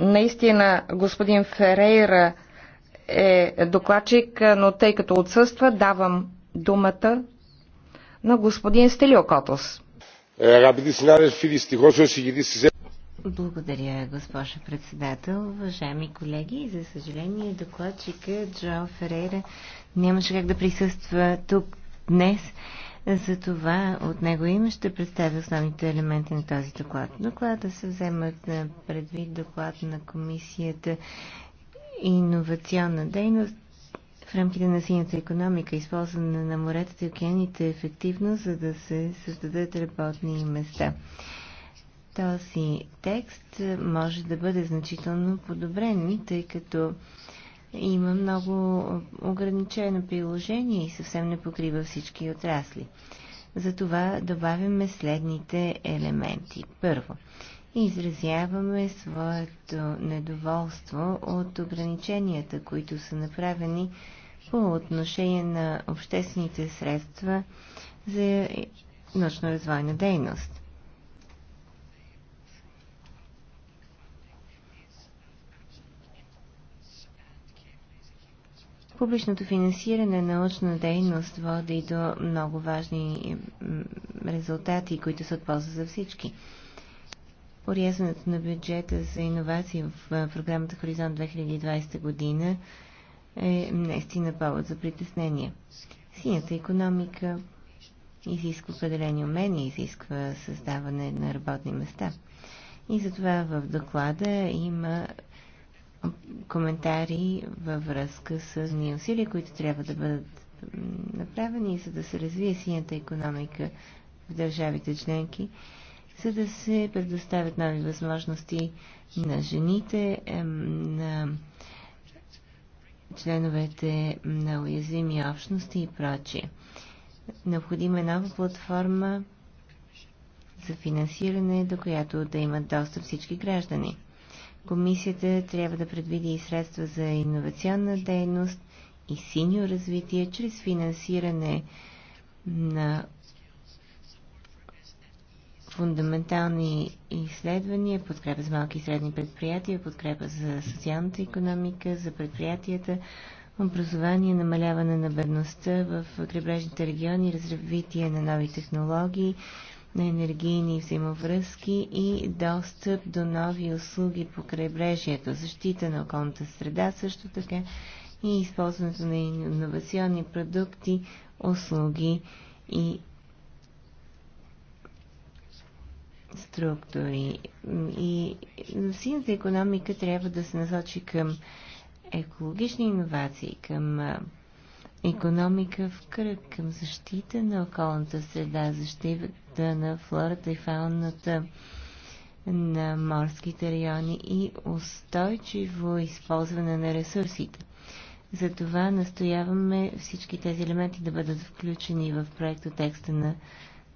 Наистина, господин Ферейра е докладчик, но тъй като отсъства, давам думата на господин Стелиокотос. Благодаря, госпожа председател. Уважаеми колеги, за съжаление докладчика Джо Ферейра нямаше как да присъства тук днес. Затова от него име ще представя основните елементи на този доклад. Доклада се вземат на предвид доклад на комисията Инновационна дейност в рамките на синята економика, използване на моретата и океаните ефективно, за да се създадат работни места. Този текст може да бъде значително подобрен, тъй като има много ограничено приложение и съвсем не покрива всички отрасли. Затова добавяме следните елементи. Първо, изразяваме своето недоволство от ограниченията, които са направени по отношение на обществените средства за научно-развойна дейност. Публичното финансиране на научна дейност води до много важни резултати, които са от полза за всички. Орязването на бюджета за иновации в програмата Хоризонт 2020 година е наистина повод за притеснение. Синята економика изисква определени умения, изисква създаване на работни места. И затова в доклада има коментари във връзка с ни усилия, които трябва да бъдат направени, за да се развие синята економика в държавите членки, за да се предоставят нови възможности на жените, на членовете на уязвими общности и прочие. Необходима е нова платформа за финансиране, до която да имат достъп всички граждани. Комисията трябва да предвиди и средства за иновационна дейност и синьо развитие чрез финансиране на фундаментални изследвания, подкрепа за малки и средни предприятия, подкрепа за социалната економика, за предприятията, образование, намаляване на бедността в крайбрежните региони, развитие на нови технологии, на енергийни взаимовръзки и достъп до нови услуги по крайбрежието, защита на околната среда също така и използването на инновационни продукти, услуги и структури. И синята економика трябва да се насочи към екологични иновации, към економика в кръг към защита на околната среда, защита на флората и фауната на морските райони и устойчиво използване на ресурсите. Затова настояваме всички тези елементи да бъдат включени в проекто текста на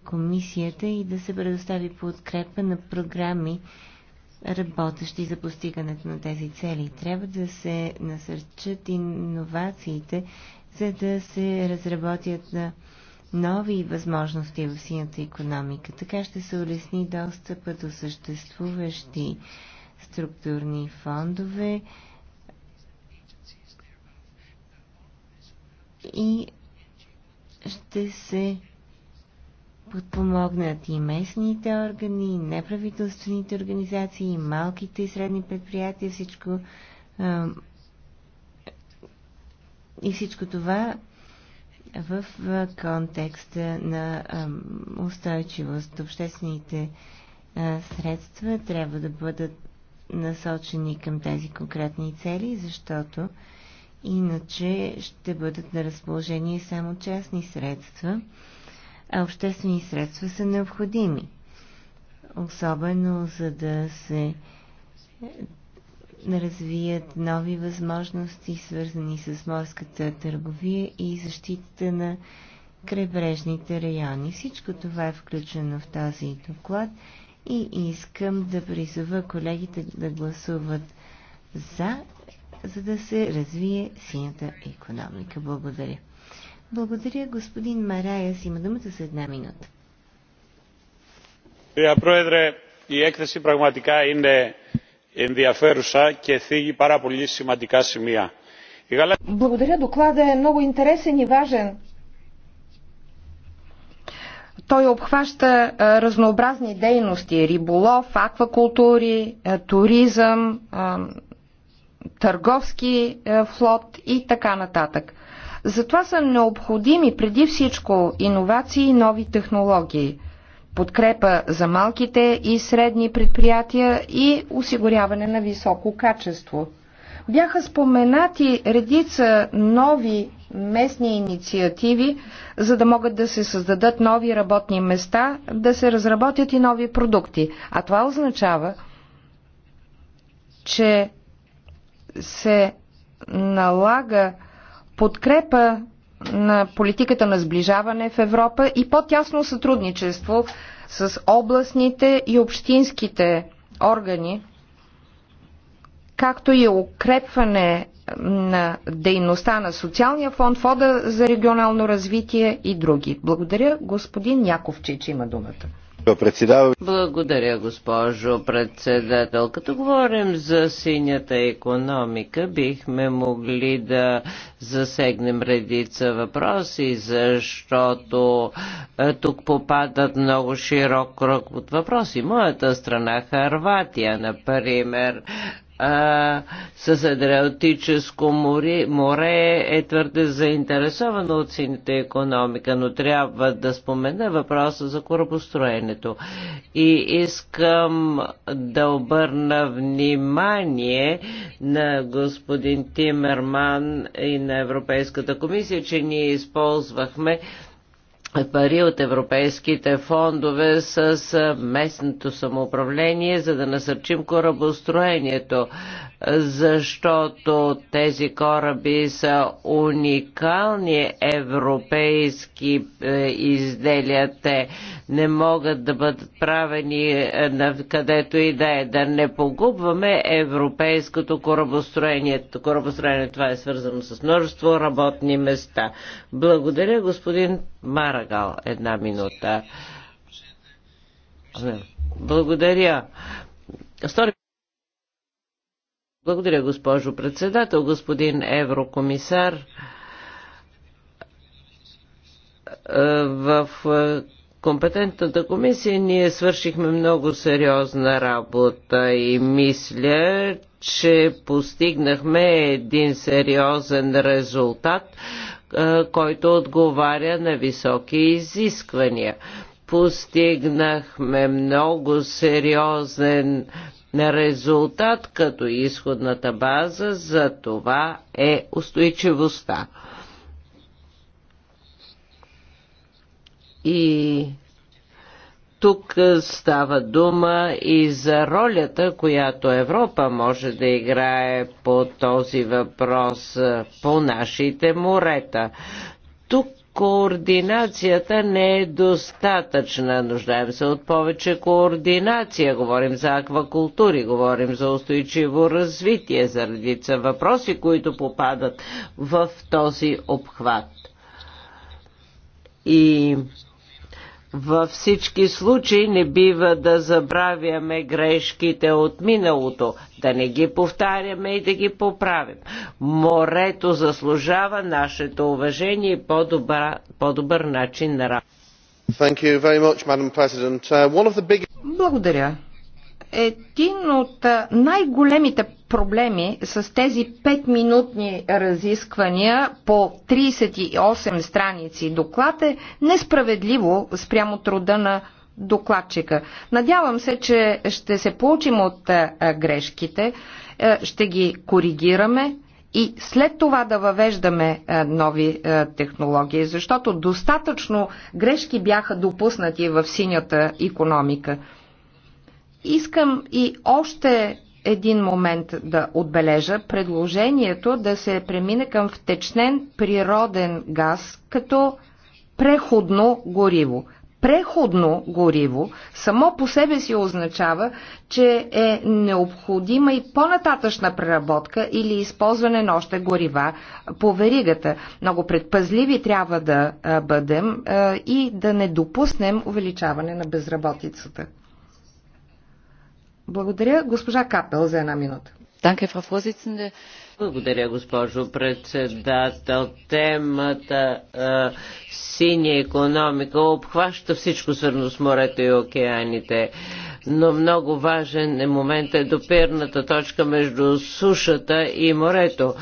комисията и да се предостави подкрепа на програми, работещи за постигането на тези цели. Трябва да се насърчат иновациите за да се разработят на нови възможности в синята економика. Така ще се улесни достъпа до съществуващи структурни фондове и ще се подпомогнат и местните органи, и неправителствените организации, и малките и средни предприятия, всичко и всичко това в контекста на устойчивост. Обществените средства трябва да бъдат насочени към тези конкретни цели, защото иначе ще бъдат на разположение само частни средства, а обществени средства са необходими. Особено за да се развият нови възможности, свързани с морската търговия и защитата на крайбрежните райони. Всичко това е включено в този доклад и искам да призова колегите да гласуват за, за да се развие синята економика. Благодаря. Благодаря, господин Си Има думата за една минута. Κυρία Πρόεδρε, η έκθεση прагматика инде ενδιαφέρουσα και θίγει πάρα πολύ σημαντικά σημεία. Благодаря, доклада е много интересен и важен. Той обхваща разнообразни дейности риболов, аквакултури, туризъм, търговски флот и така нататък. Затова са необходими преди всичко иновации и нови технологии – подкрепа за малките и средни предприятия и осигуряване на високо качество. Бяха споменати редица нови местни инициативи, за да могат да се създадат нови работни места, да се разработят и нови продукти. А това означава, че се налага подкрепа на политиката на сближаване в Европа и по-тясно сътрудничество с областните и общинските органи, както и укрепване на дейността на социалния фонд, фонда за регионално развитие и други. Благодаря. Господин Яковчич има думата. Благодаря, госпожо председател. Като говорим за синята економика, бихме могли да засегнем редица въпроси, защото е, тук попадат много широк кръг от въпроси. Моята страна, Харватия, например, а, с Адриатическо море, море е твърде заинтересовано от сините економика, но трябва да спомена въпроса за корабостроенето. И искам да обърна внимание на господин Тимерман и на Европейската комисия, че ние използвахме пари от европейските фондове с местното самоуправление, за да насърчим корабостроението защото тези кораби са уникални европейски е, изделия. Те не могат да бъдат правени е, където и да е. Да не погубваме европейското корабостроение. Корабостроение това е свързано с множество работни места. Благодаря, господин Марагал. Една минута. Благодаря. Стори благодаря, госпожо председател, господин еврокомисар. Е, в е, компетентната комисия ние свършихме много сериозна работа и мисля, че постигнахме един сериозен резултат, е, който отговаря на високи изисквания. Постигнахме много сериозен на резултат като изходната база за това е устойчивостта. И тук става дума и за ролята, която Европа може да играе по този въпрос по нашите морета. Тук Координацията не е достатъчна. Нуждаем се от повече координация. Говорим за аквакултури, говорим за устойчиво развитие, за редица въпроси, които попадат в този обхват. И във всички случаи не бива да забравяме грешките от миналото, да не ги повтаряме и да ги поправим. Морето заслужава нашето уважение и по-добър по начин на работа. Uh, Благодаря един от най-големите проблеми с тези 5-минутни разисквания по 38 страници доклад е несправедливо спрямо труда на докладчика. Надявам се, че ще се получим от грешките, ще ги коригираме и след това да въвеждаме нови технологии, защото достатъчно грешки бяха допуснати в синята економика. Искам и още един момент да отбележа предложението да се премине към втечнен природен газ като преходно гориво. Преходно гориво само по себе си означава, че е необходима и по-нататъчна преработка или използване на още горива по веригата. Много предпазливи трябва да бъдем и да не допуснем увеличаване на безработицата. Благодаря. Госпожа Капел за една минута. Благодаря, госпожо председател. Темата а, синя економика обхваща всичко свързано с морето и океаните но много важен е момент е допирната точка между сушата и морето.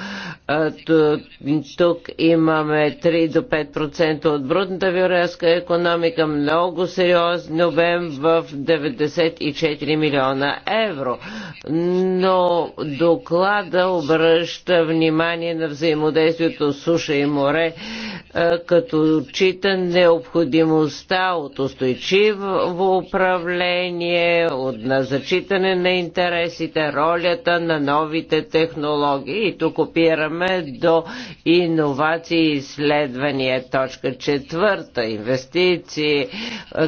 Тук имаме 3 до 5% от брудната вюрейска економика, много сериозен обем в 94 милиона евро. Но доклада обръща внимание на взаимодействието суша и море, като чита необходимостта от устойчиво управление, от зачитане на интересите, ролята на новите технологии. И тук опираме стигаме до иновации и изследвания. Точка четвърта, инвестиции,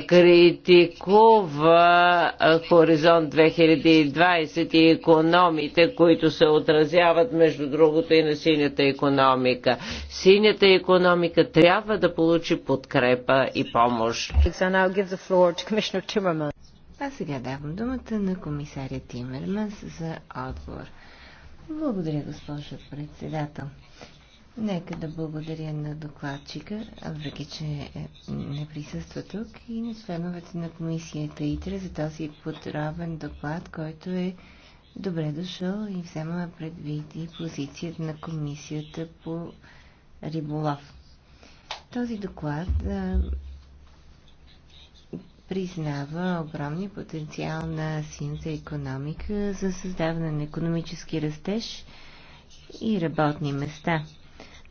критикува Хоризонт 2020 и економите, които се отразяват между другото и на синята економика. Синята економика трябва да получи подкрепа и помощ. А сега давам думата на комисаря Тимерманс за отговор. Благодаря, госпожо председател. Нека да благодаря на докладчика, въпреки че е, не присъства тук, и на членовете на комисията ИТРА за този подробен доклад, който е добре дошъл и взема предвид и позицията на комисията по риболов. Този доклад признава огромния потенциал на синята економика за създаване на економически растеж и работни места.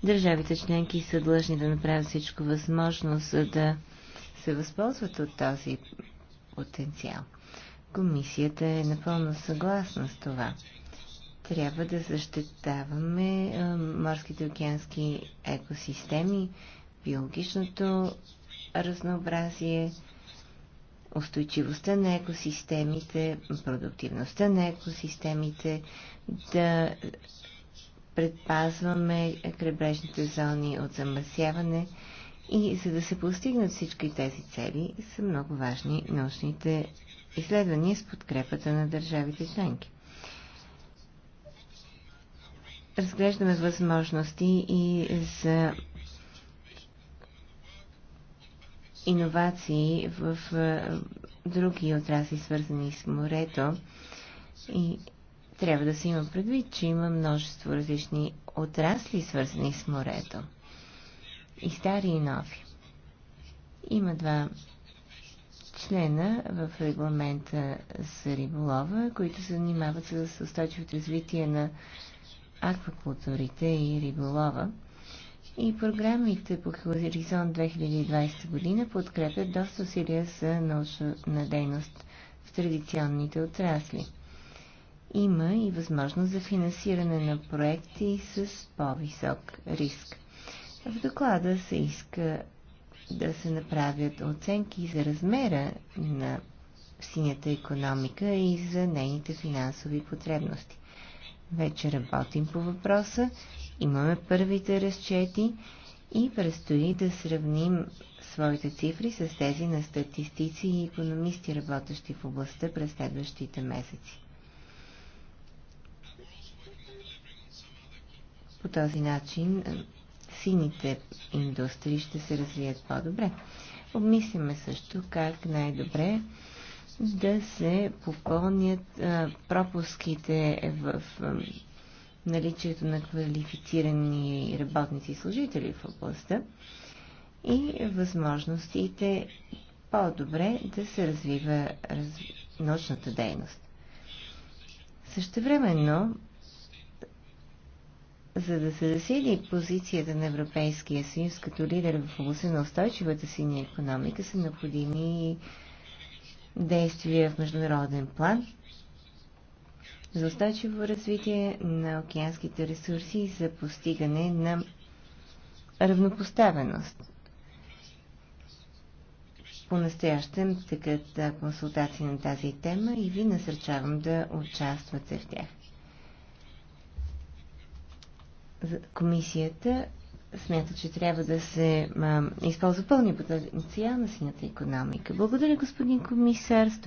Държавите членки са длъжни да направят всичко възможно, за да се възползват от този потенциал. Комисията е напълно съгласна с това. Трябва да защитаваме е, морските океански екосистеми, биологичното разнообразие, устойчивостта на екосистемите, продуктивността на екосистемите, да предпазваме крайбрежните зони от замърсяване и за да се постигнат всички тези цели са много важни научните изследвания с подкрепата на държавите членки. Разглеждаме възможности и за иновации в други отрасли, свързани с морето. И трябва да се има предвид, че има множество различни отрасли, свързани с морето. И стари, и нови. Има два члена в регламента за риболова, които се занимават с устойчивото развитие на аквакултурите и риболова и програмите по Хоризонт 2020 година подкрепят доста усилия за научна дейност в традиционните отрасли. Има и възможност за финансиране на проекти с по-висок риск. В доклада се иска да се направят оценки за размера на синята економика и за нейните финансови потребности. Вече работим по въпроса Имаме първите разчети и предстои да сравним своите цифри с тези на статистици и економисти, работещи в областта през следващите месеци. По този начин е, сините индустрии ще се развият по-добре. Обмисляме също как най-добре да се попълнят е, пропуските в е, наличието на квалифицирани работници и служители в областта и възможностите по-добре да се развива раз... научната дейност. Същевременно, за да се засили позицията на Европейския съюз като лидер в областта на устойчивата синя економика, са необходими действия в международен план – за устойчиво развитие на океанските ресурси и за постигане на равнопоставеност. По-настоящем текат консултации на тази тема и ви насърчавам да участвате в тях. Комисията смята, че трябва да се а, използва пълния потенциал на синята економика. Благодаря, господин комисар.